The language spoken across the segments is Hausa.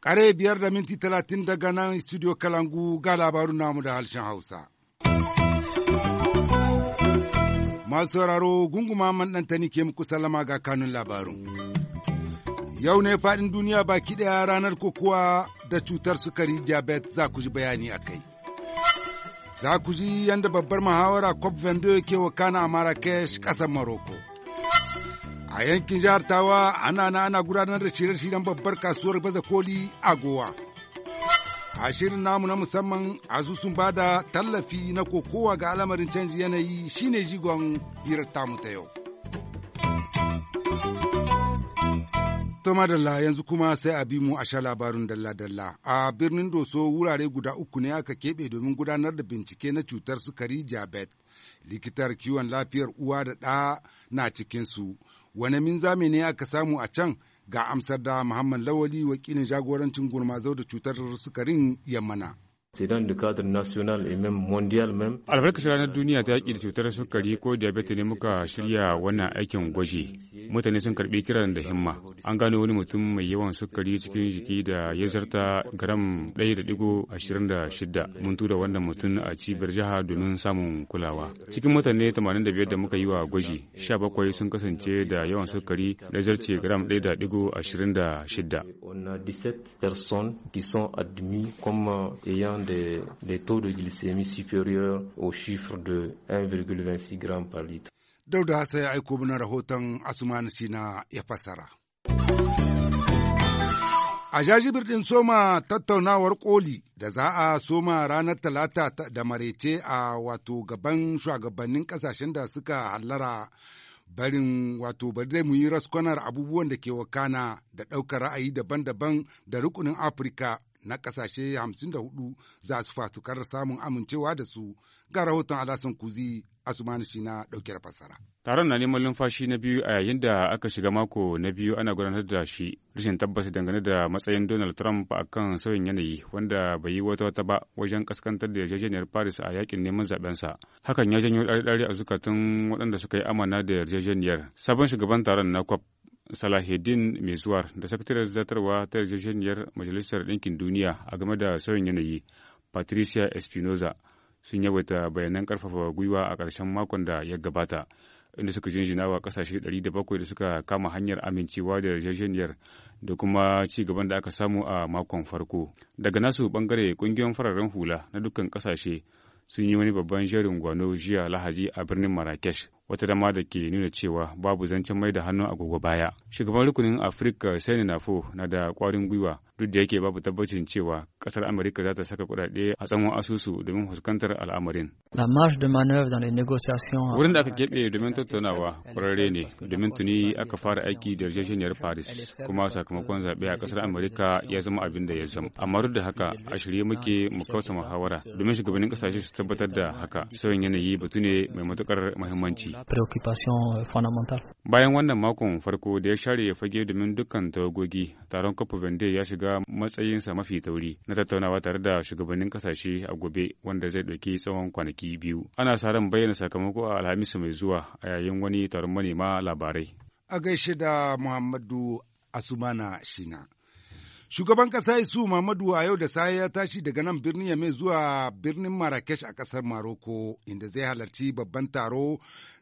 Kare biyar da minti talatin daga nan studio Kalangu ga labarun namu da harshen Hausa. Masu sauraro gunguma man ɗantani ke muku salama ga kanun labarun. Yau ne faɗin duniya baki ɗaya ranar kokowa da cutar sukari diabetes za ku ji bayani a kai. Za ku ji yadda babbar muhawara COP22 ke wakana a Marrakesh ƙasar Maroko? A yankin jihar Tawa ana na ana gudanar da shirye-shiryen babbar kasuwar baza koli a Gowa. A shirin namu na musamman ba da tallafi na kokowa ga alamarin canji yanayi shine jigon hirar tamu ta yau. To madalla yanzu kuma sai a bi mu a sha labarun dalla-dalla. A birnin Doso wurare guda uku ne aka keɓe domin gudanar da bincike na cutar sukari jabet. Likitar kiwon lafiyar uwa da ɗa na cikin cikinsu. Wane minzami ne aka samu a can ga amsar da Muhammad Lawali wakilin jagorancin gurmazau da cutar sukarin yamana. Albarkacin ranar duniya ta yaƙi da cutar sukari ko diabetes ne muka shirya wannan aikin gwaji. Mutane sun karɓi kiran da himma. An gano wani mutum mai yawan sukari cikin jiki da ya zarta gram 1.26. Mun tura wannan mutum a cibiyar jiha domin samun kulawa. Cikin mutane 85 da muka yi wa gwaji, 17 sun kasance da yawan sukari da zarce gram 1.26. des, des taux de glycémie supérieurs au chiffre de 1,26 g par litre. Dauda sai ya aiko mana rahoton Asumani Sina ya fassara. A jajibir soma tattaunawar koli da za a soma ranar talata da marece a wato gaban shugabannin kasashen da suka hallara barin wato bari zai muyi raskonar abubuwan da ke wakana da ɗaukar ra'ayi daban-daban da rukunin Afirka na ƙasashe 54 za su fatukar samun amincewa da su ga rahoton alasan kuzi asumani shi na ɗauke da fassara. Taron na neman lumfashi na biyu a yayin da aka shiga mako na biyu ana gudanar da shi rashin tabbas dangane da matsayin Donald Trump a kan sauyin yanayi wanda bai yi wata wata ba wajen kaskantar da yarjejeniyar Paris a yakin neman zaɓensa Hakan ya janyo ɗari-ɗari a zukatun waɗanda suka yi amana da yarjejeniyar. Sabon shugaban taron na COP Salahuddin mezuwar da sakataren zartarwa ta yarjejeniyar majalisar ɗinkin duniya a game da sauyin yanayi patricia espinoza sun yawaita bayanan karfafa gwiwa a ƙarshen makon da ya gabata inda suka jinjina wa ƙasashe 700 da suka kama hanyar amincewa da yarjejeniyar da kuma ci gaban da aka samu a makon farko daga nasu bangare ƙungiyoyin fararen hula na dukkan ƙasashe sun yi wani babban jerin gwano jiya lahadi a birnin marrakesh wata dama da ke nuna cewa babu zancen mai da hannun agogo baya. Shugaban rukunin Afirka Sani Nafo na da kwarin gwiwa duk da yake babu tabbacin cewa kasar Amurka za ta saka kudade a tsawon asusu domin fuskantar al'amarin. Wurin da aka keɓe domin tattaunawa kwararre ne domin tuni aka fara aiki da yarjejeniyar Paris kuma sakamakon zaɓe a kasar Amurka ya zama abin da ya zama. Amma duk da haka a shirye muke mu kausa muhawara domin shugabannin kasashe su tabbatar da haka sauyin yanayi batu ne mai matukar muhimmanci. preocupation euh, fondamentale. Bayan wannan makon farko da ya share ya fage domin dukkan tawagogi, taron kafa bende ya shiga matsayinsa mafi tauri na tattaunawa tare da shugabannin kasashe a gobe wanda zai ɗauki tsawon kwanaki biyu. Ana sa ran bayyana sakamako a Alhamis mai zuwa a yayin wani taron manema labarai. A gaishe da Muhammadu Asumana Shina. Shugaban ƙasa Isu Muhammadu a yau da safe ya tashi daga nan birnin Yame zuwa birnin Marrakesh a ƙasar Maroko inda zai halarci babban taro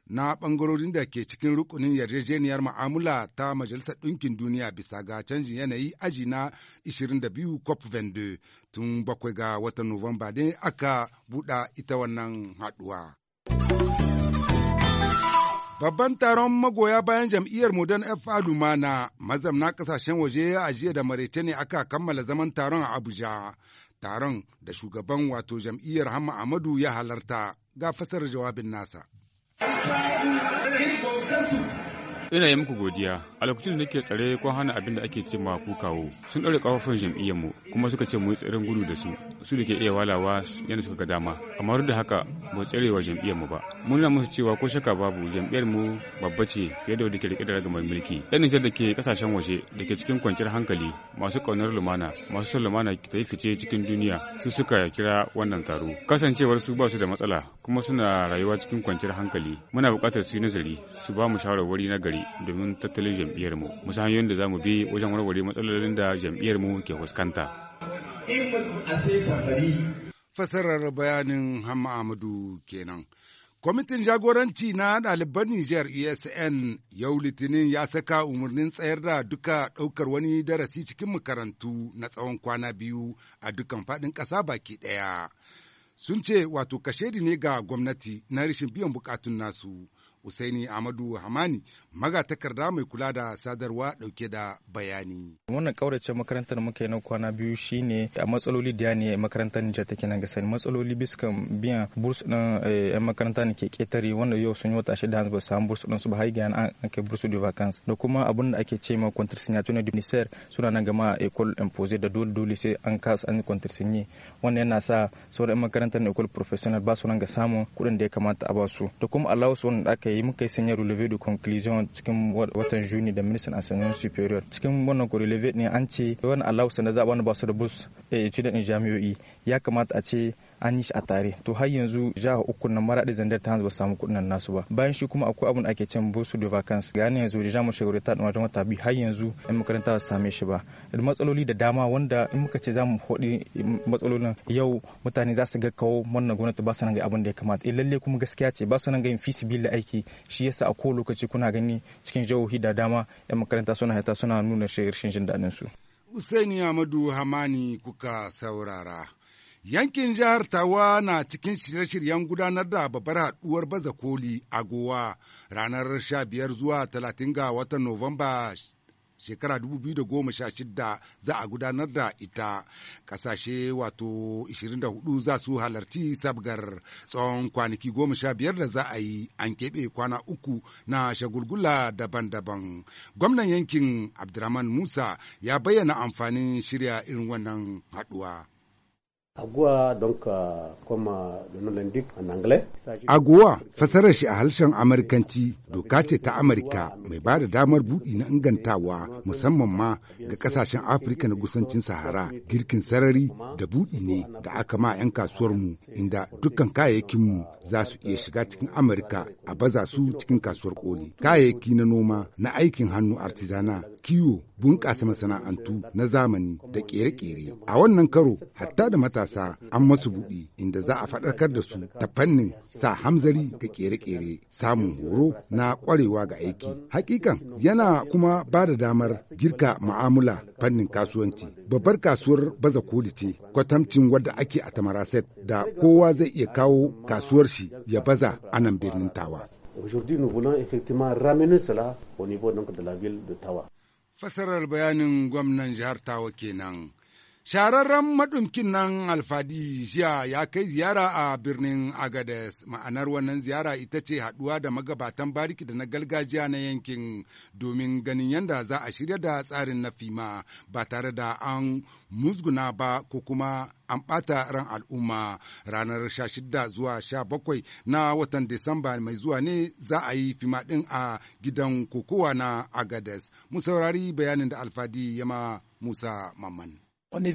na bangarorin da ke cikin rukunin yarjejeniyar ma'amula ta Majalisar Ɗinkin Duniya bisa ga canjin yanayi aji na 22 COP22 tun bakwai ga watan Nuwamba ne aka buɗa ita wannan haɗuwa. Babban taron magoya bayan jam'iyyar Modern ma na mazamna kasashen waje a jiya da maraice ne aka kammala zaman taron a Abuja. Taron da shugaban wato jam'iyyar Hamma Amadu ya halarta ga fasar jawabin nasa. Ina yi muku godiya. A lokacin da nake tsare kun hana abin da ake ce ma ku kawo. Sun ɗaure kafafun jam'iyyar mu kuma suka ce mu yi gudu da su. Su da ke iya walawa yadda suka ga dama. Amma duk da haka ba tsere wa jam'iyyar mu ba. Mun nuna musu cewa ko shaka babu jam'iyyar mu babba ce fiye da wadda ke rike da ragamar mulki. Ɗan Nijar da ke kasashen waje da ke cikin kwanciyar hankali masu ƙaunar lumana masu son lumana ta yi fice cikin duniya su suka kira wannan taro. Kasancewar su ba su da matsala kuma suna rayuwa cikin kwanciyar hankali. Muna buƙatar su yi nazari su ba mu shawarwari na gari tare domin tattalin jam'iyyar mu musu hanyoyin da za mu bi wajen warware matsalolin da jam'iyyar mu ke fuskanta fasarar bayanin hamma amadu kenan Kwamitin jagoranci na ɗaliban Nijar ESN yau Litinin ya saka umarnin tsayar da duka ɗaukar wani darasi cikin makarantu na tsawon kwana biyu a dukan faɗin ƙasa baki ɗaya. Sun ce wato kashedi ne ga gwamnati na rashin biyan bukatun nasu Usaini Ahmadu Hamani magatakarda mai kula da sadarwa dauke da bayani. Wannan kaurace makarantar muka yi na kwana biyu shine a matsaloli da ne makarantar Nijar take nan sani matsaloli biskan biyan burs din eh, yan makaranta ne ke ketare wanda yau sun yi wata shida ba samu burs din su ba har gaya an kai burs de vacances da kuma abun da ake ce ma contrasignation da ministère suna na gama école imposée da dole dole sai an kasa an contrasigné wannan yana sa sauran yan makarantar école professionnel ba su nan ga samun kuɗin da ya kamata a ba su da kuma allowance da aka yi muka yi sanya relevé de conclusion cikin watan juni da ministan enseignement superior cikin wannan relevé ne an ce wani alausa na zaɓa wani ba da bus a eh, jami'o'i ya kamata a ce an yi shi a tare to har yanzu jihar uku na maraɗi zandar ta hanzu ba samu kuɗin nasu ba bayan shi kuma akwai abin da ake can bosu da vacance ga yanayin yanzu da mu ta ɗan wata biyu har yanzu yan makaranta ba su same shi ba da matsaloli da dama wanda in muka ce za mu faɗi matsalolin yau mutane za su ga kawo wannan gwamnati ba su nan ga abin da ya kamata eh lalle kuma gaskiya ce ba su nan ga yin fisi da aiki shi yasa a kowane lokaci kuna gani cikin jihohi da dama yan makaranta suna haita suna nuna rashin jin daɗin su. Usaini Amadu Hamani kuka saurara. Yankin jihar Tawa na cikin shirye-shiryen gudanar da babbar haɗuwar baza koli a Gowa ranar 15 zuwa 30 ga watan Nuwamba shekara 2016 za a gudanar da ita Ƙasashe wato 24 za su halarci sabgar tsawon kwanaki biyar da za a yi an keɓe kwana uku na shagulgula daban-daban gwamnan yankin abdurrahman musa ya bayyana amfanin shirya irin wannan haɗuwa. Aguwa euh, euh, fasarar shi a harshen Amurkanci doka ce ta Amurka mai ba da damar buɗi na ingantawa musamman ma ga ƙasashen Afirka na gusancin Sahara girkin sarari da buɗi ne da aka ma 'yan kasuwar mu inda dukkan kayayyakinmu za su iya shiga cikin Amurka a baza su cikin kasuwar koli. Kayayyaki na noma na aikin hannu artizana kiwo bunƙasa masana'antu na zamani da ƙere-ƙere. A wannan karo hatta da matasa matasa an masu buɗi inda za a faɗarkar da su ta fannin sa hamzari ga ƙere-ƙere samun horo na ƙwarewa ga aiki. Hakikan yana kuma ba da damar girka ma'amula fannin kasuwanci. Babbar kasuwar baza koli ce kwatamcin wadda ake a Tamaraset da kowa zai iya kawo kasuwar shi ya baza a nan birnin Tawa. Tawa. Fasarar bayanin gwamnan jihar Tawa kenan. Shararren maɗumkin nan Alfadi jiya ya kai ziyara a birnin Agades. Ma'anar wannan ziyara ita ce haɗuwa da magabatan bariki da na gargajiya na yankin domin ganin yadda za a shirya da tsarin na fima ba tare da an musguna ba ko kuma an ɓata ran al'umma ranar 16 zuwa 17 na watan Disamba mai zuwa ne za a yi fima ɗin a gidan kokowa na Agades. Mu saurari bayanin da Alfadi yama Musa Mamman. Mun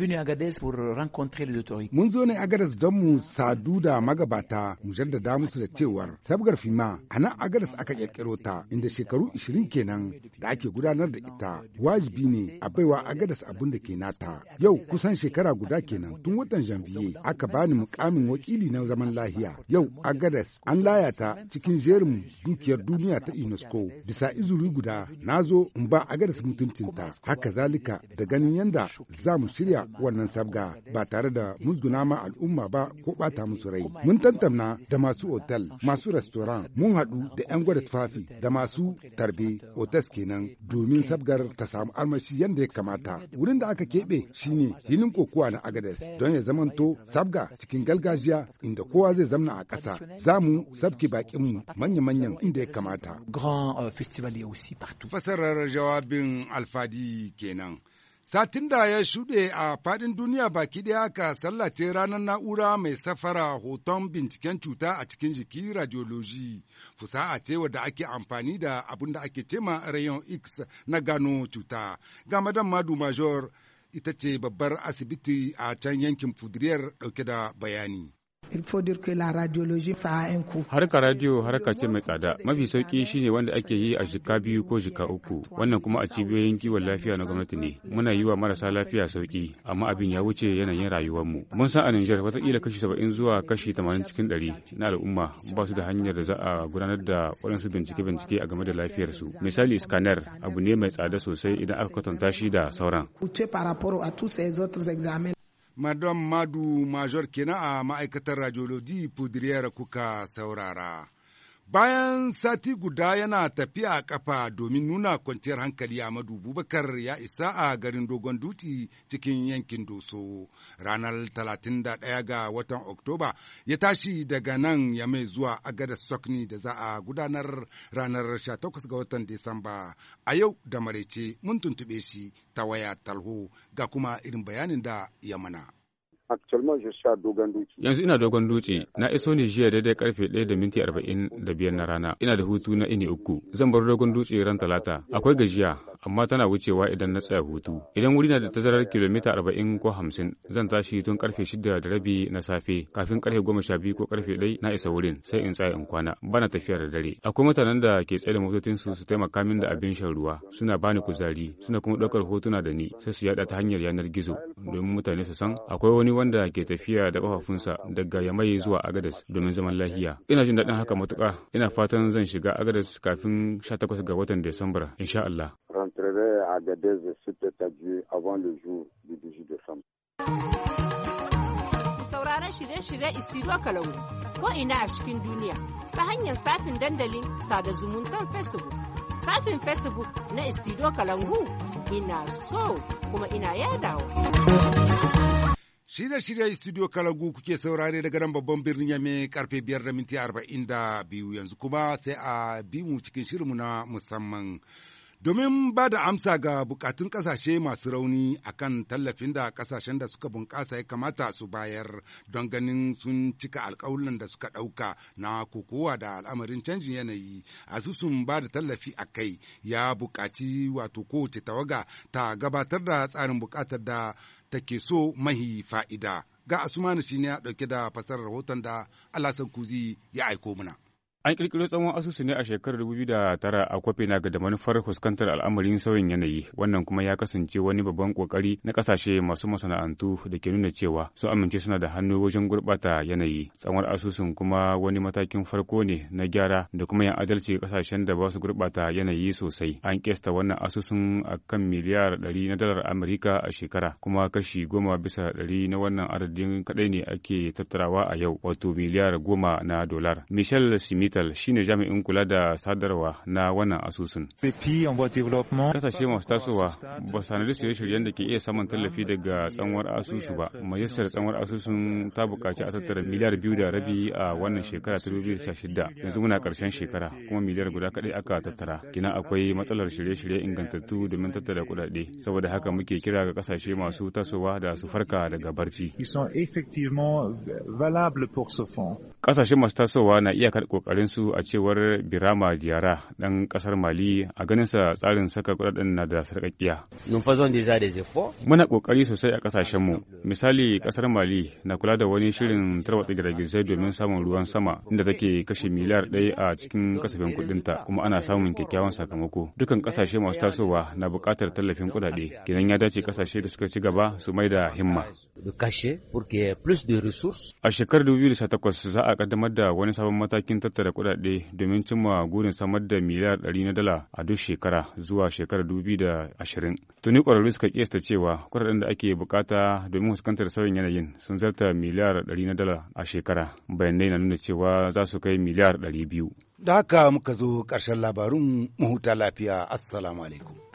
zo ne Agadas don mu sadu da magabata mu jaddada musu da cewar sabgar fima a nan Agadas aka kirkiro ta inda shekaru 20 kenan da ake gudanar da ita wajibi ne a baiwa Agadas abin da ke nata. Yau kusan shekara guda kenan tun watan janvier aka bani mukamin wakili na zaman lahiya. Yau Agadas an layata cikin jerin dukiyar duniya ta UNESCO bisa izuri guda nazo zo in ba Agadas mutuncinta haka zalika da ganin yanda za mu shirya wannan sabga ba tare da musguna ma al'umma ba ko bata musu rai. Mun tantamna da masu otal, masu restaurant, mun haɗu da 'yan gwada tufafi da masu tarbe otas kenan domin sabgar ta samu armashi yadda ya kamata. Wurin da aka keɓe shine hilin kokowa na Agades don ya zamanto sabga cikin gargajiya inda kowa zai zamna a ƙasa. Za mu sabki bakinmu manya-manyan inda ya kamata. Euh, Fasarar jawabin alfadi kenan. Satin da ya shuɗe a faɗin duniya baki ɗaya aka sallace ranar na'ura mai safara hoton binciken cuta a cikin jiki radiology. Fusa'a ce wadda ake amfani da abin da ake cema rayon X na gano cuta. Ga madan Madu Major ita ce babbar asibiti a can yankin Fudiriyar ɗauke da bayani. il faut dire que la radiologie ça a un coût harka radio harka ce mai tsada mafi sauki shine wanda ake yi a jika biyu ko jika uku wannan kuma a cibiyoyin kiwon lafiya na gwamnati ne muna yi wa marasa lafiya sauki amma abin ya wuce yanayin rayuwar mu mun san a Niger kila kashi 70 zuwa kashi 80 cikin 100 na al'umma ba su da hanyar da za a gudanar da waɗansu bincike-bincike a game da lafiyar su misali scanner abu ne mai tsada sosai idan aka kwatanta shi da sauran madam madu major kenan a ma'aikatar radiology pudriyar kuka saurara Bayan sati guda yana tafiya kafa domin nuna kwanciyar hankali Amadu Bubakar ya isa a garin Dogon Duti cikin yankin Doso. Ranar 31 ga watan Oktoba ya tashi daga nan ya mai zuwa agada Sokni da za a gudanar ranar 18 ga watan Disamba. A yau da maraice mun tuntube shi ta waya talho ga kuma irin bayanin da ya mana. Yanzu ina dogon dutse, na iso ne jiya daidai karfe 1 da minti 45 na rana. Ina da hutu na ini uku. Zan bar dogon dutse ran talata. Akwai gajiya, amma tana wucewa idan na tsaya hutu. Idan wuri na da tazarar kilomita 40 ko 50, zan tashi tun karfe 6 da rabi na safe. Kafin karfe 12 ko karfe 1 na isa wurin, sai in tsaya in kwana. Bana tafiya da dare. Akwai mutanen da ke tsaye da motocin su su taimaka min da abin shan ruwa. Suna bani kuzari, suna kuma daukar hotuna da ni, sai su yada ta hanyar yanar gizo domin mutane su san akwai wani wanda ke tafiya da kafafunsa daga Yamai zuwa Agadas domin zaman lahiya Ina jin daɗin haka matuƙa. Ina fatan zan shiga Agadas kafin sha 18 ga watan desambar insha Allah. sauraron shirye-shirye isiro kalangu ko ina a cikin duniya ta hanyar safin dandalin sada zumuntar facebook safin facebook na isiro kalangu ina so kuma ina yadawa. Shirye-shirye studio Kalangu kuke saurare daga nan babban birnin Yame karfe biyar da minti arba'in da biyu yanzu kuma sai a bi mu cikin shirinmu na musamman. domin ba da amsa ga bukatun kasashe masu rauni akan tallafin da kasashen da suka bunƙasa ya kamata su bayar don ganin sun cika alkawulan da suka ɗauka na kokowa da al'amarin canjin yanayi asusun ba da tallafi a kai ya buƙaci wato kowace tawaga ta gabatar da tsarin buƙatar da take so mahi fa'ida ga asumani shine ya ɗauke da fasarar rahoton da alasan kuzi ya aiko mana. An ƙirƙiro tsawon asusu ne a shekarar 2009 a ga da manufar fuskantar al'amarin sauyin yanayi, wannan kuma ya kasance wani babban ƙoƙari na ƙasashe masu masana'antu da ke nuna cewa su amince suna da hannu wajen gurɓata yanayi. Tsawon asusun kuma wani matakin farko ne na gyara da kuma yan adalci ƙasashen da ba su gurɓata yanayi sosai. An ƙesta wannan asusun a kan miliyar ɗari na dalar Amurka a shekara, kuma kashi goma bisa ɗari na wannan adadin kaɗai ne ake tattarawa a yau, wato miliyar goma na dolar. Michel Smith Digital shine jami'in kula da sadarwa na wannan asusun. Kasashe masu tasowa ba yi shirye-shiryen da ke iya samun tallafi daga tsanwar asusu ba. Majalisar tsanwar asusun ta buƙaci a tattara miliyar biyu da rabi a wannan shekara ta shida yanzu muna ƙarshen shekara kuma miliyar guda kaɗai aka tattara. Kina akwai matsalar shirye-shirye ingantattu domin tattara kuɗaɗe saboda haka muke kira ga kasashe masu tasowa da su farka daga barci. Ils sont effectivement valables pour ce fonds. kasashe masu tasowa na ƙoƙarin su a cewar Birama Diyara dan kasar Mali a ganinsa tsarin saka kudaden na da sarkakkiya Muna ƙoƙari sosai a ƙasashenmu. Misali ƙasar Mali na kula da wani shirin tarwatsa giragizai domin samun ruwan sama inda take kashe miliyar ɗaya a cikin kasafin kuɗinta kuma ana samun kyakkyawan sakamako. dukkan kasashe masu tasowa na buƙatar tallafin kuɗaɗe. Kenan ya dace kasashe da suka ci gaba su mai da himma. A shekarar 2018 za a a kaddamar da wani sabon matakin tattara kudade domin cimma gurin samar da miliyar ɗari na dala a duk shekara zuwa shekarar ashirin Tuni kwararru suka kiyasta cewa kudaden da ake bukata domin fuskantar sauyin yanayin sun zarta miliyar ɗari na dala a shekara. Bayanai na nuna cewa za su kai miliyar ɗari biyu. Da haka muka zo karshen labarun mu huta lafiya. Assalamu alaikum.